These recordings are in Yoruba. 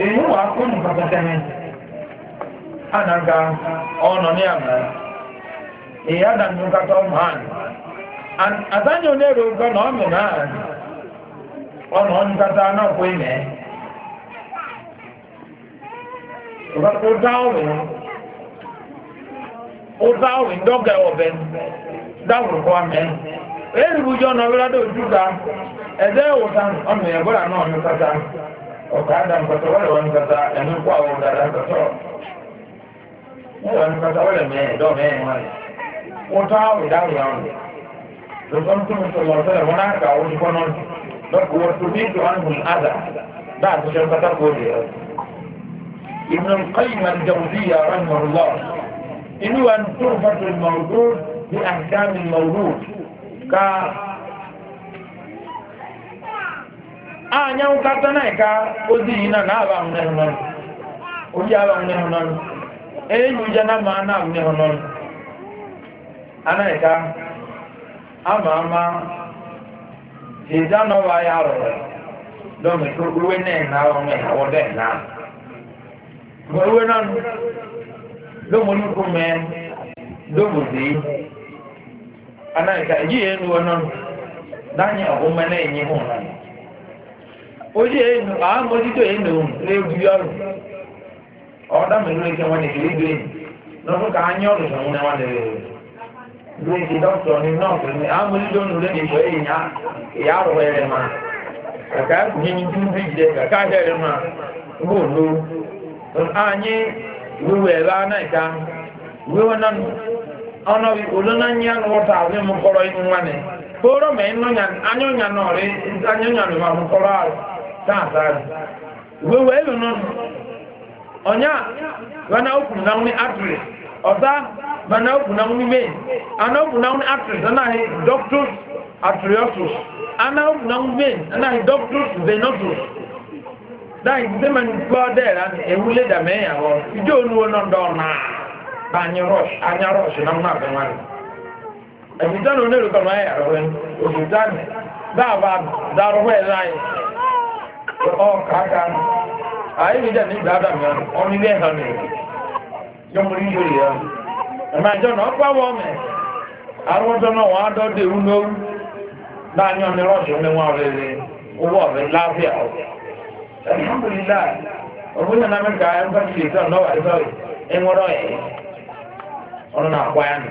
èyí wà kó nù pàtàkì anaga ọ̀nà ní àmà èyí adàmì nkàtà ọmọ àná àtànyẹ onírò na nà ọmọ náà ọ̀nà ọ̀nkàtà náà kó ìmẹ̀ ọ̀dáwì ọ̀dáwì ndọ́gà ọ̀bẹ dáwùrù kọ́ àmẹ́ ọbụla nà ọ̀rẹ́dà ojú وكان مكتوب له أن كذا أن يقوى ودار أن كتوب أن كذا ولا ما دو ما ما وتا ودا ويان لكن كل من الله تعالى هنا كأو يكونون لك ورتبين عنهم هذا بعد شو كتر قولي ابن القيم الجوزية رحمه الله إنه أن تربط الموجود بأحكام الموجود ك anyanwụ ah, kata na ka ozi yi na na-aba ahụne hụ n'ọrụ oji aba ahụne hụ n'ọrụ e, enyi ụja na ma na ahụne e hụ n'ọrụ anaghị ka ama ama ìdá náà wà yà rọ̀ lọ́mọ tó owó náà nà ọmọ ìyàwó bẹ́ẹ̀ nà. Mọ na náà nù lọ́mọ olùkọ́ mẹ́ lọ́mọ dè é. Anáyìíká èyí yẹn nu wọn náà dáhìn ọ̀hún mẹ́ náà èyí hùn náà ojú èèyàn àwọn mójútó èèyàn òun lè bu yọrù ọ̀dà mẹ́rin ló ń kẹ́ wọn ní kìlí gbé lọ́dún ká ní ọ̀rùn sọ̀rọ̀ ní wọn lè gbé ti dọ́kítọ̀ ní nọ́ọ̀sì ní àwọn mójútó òun lè nìkọ́ èèyàn ìyá àwọ̀ ẹ̀rẹ̀ mà kàkà yìnyín tún bí jẹ kàkà ẹ̀rẹ̀ mà wò ló ànyé wíwẹ̀ bá náà ká wíwẹ̀ náà ọ̀nà olóńgbò wọ́tà ọ̀rẹ́ mu kọ́rọ̀ inú wọn ni kóró mẹ́ anyọ́nyà náà rí anyọ́nyà ló máa mu kọ́rọ̀ àrùn. tààtàrà ìwéwé ìlú wee ọ̀nyá gbaná òkùn náà na àtìrì ọ̀tá gbaná òkùn na ní main aná òkùn náà ní àtìrì anáhì doctors atriotus aná òkùn náà ní main anáhì doctors venotus dáì dẹ́mẹ̀ gbọ́ dẹ́ẹ̀rẹ́ ewúlé rọsh anya rọsh na mma abịa nwanne na onye na ya yarọ daba ele anyị ọ̀kàkà àìríjà ní ìgbàdà mìíràn ọmọ ilé ẹ̀hàn ni yọmọrí yóò yá ẹ̀mà ìjọ náà pa wọ́n mẹ́ àwọn ọjọ́ náà wọ́n á dọ́dẹ̀ ewu lóru láàrin ọmọ ìrọ̀ṣọ́ ní wọn rẹ̀ owó ọ̀rẹ́ láàbíà alhamdulillah ọ̀gbọ́n náà mẹ́ta ẹ̀ńkọ́ ti lè sọ̀rọ̀ náà wà ẹ̀ńwọ́rọ̀ ẹ̀ ọ̀rọ̀ náà kwáyà nù.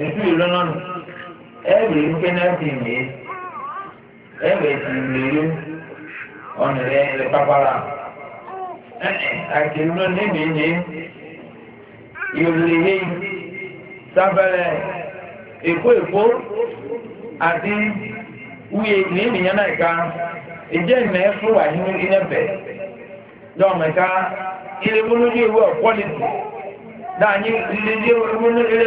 ètò ìlọ́nàánù ẹ̀rì nkẹ́nẹ́tì nìyẹn ẹ̀rì ìtìlélú ọ̀nà rẹ̀ lè pápára àkìlúnà níbi ní ìrìlẹ̀ sábẹ́rẹ̀ èkó èkó àti wúye ní ènìyàn náà ká ìjẹ́ ìmọ̀ ẹ̀ wà nínú ilẹ̀ bẹ̀ lọ́mọ̀ká ilé múlódé ìwé ọ̀pọ̀lìtì. dáàyí ilé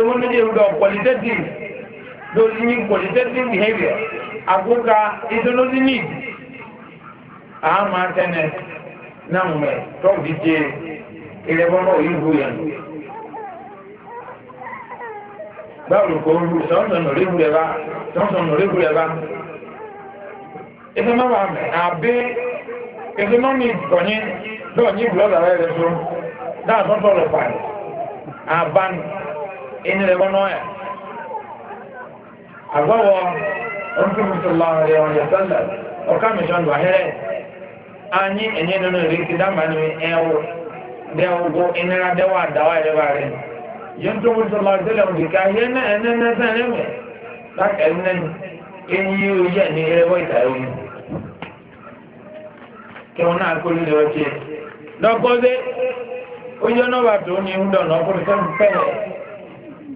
múnúdé qualitative lórí ní qualitative behavior agbóka ìtọ́lódí ní a máa tẹ́nẹ̀ náà mẹ́ tọ́wọ́ fi jẹ ìrẹ́bọ́nà òyìnbó yẹn báwọn kò rú sọ́nsọ̀nà orígun rẹ̀ bá ẹgbẹ́ na wà mẹ́ àbí ẹgbẹ́ máa ní ìkọ̀nyí aban inire wọn ọ̀yà àgbọ̀wọ̀ ọ̀nkùnmùsọ̀lá ọ̀rẹ́ ọ̀yà sọ́lá ọ̀ká mìíràn wà hẹ́rẹ́ anyị enye nínú ìrètí dámàánú ẹ̀wù dẹ́wọ̀gbọ́ inira dẹ́wọ̀ àdáwà ẹ̀rẹ́wà rẹ̀ yẹn tó mùsọ̀ lọ sílẹ̀ òdìkà yẹn náà ẹ̀nẹ́ nẹ́sẹ̀ rẹ̀mẹ̀ lákẹ́ nẹ́nu ẹ̀yìn oyè ní ẹ̀rẹ́wọ̀ ìtàwé kẹwọn náà kó lílẹ̀ ọ̀kẹ́ lọ́kọ́ ojú ọ̀nà wà tó ní ń dọ̀nà ọkùnrin sọ́nù pẹ́ẹ́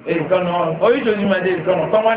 èyí kan náà oríṣiríṣi máa dé ìkan náà kọ́mọ́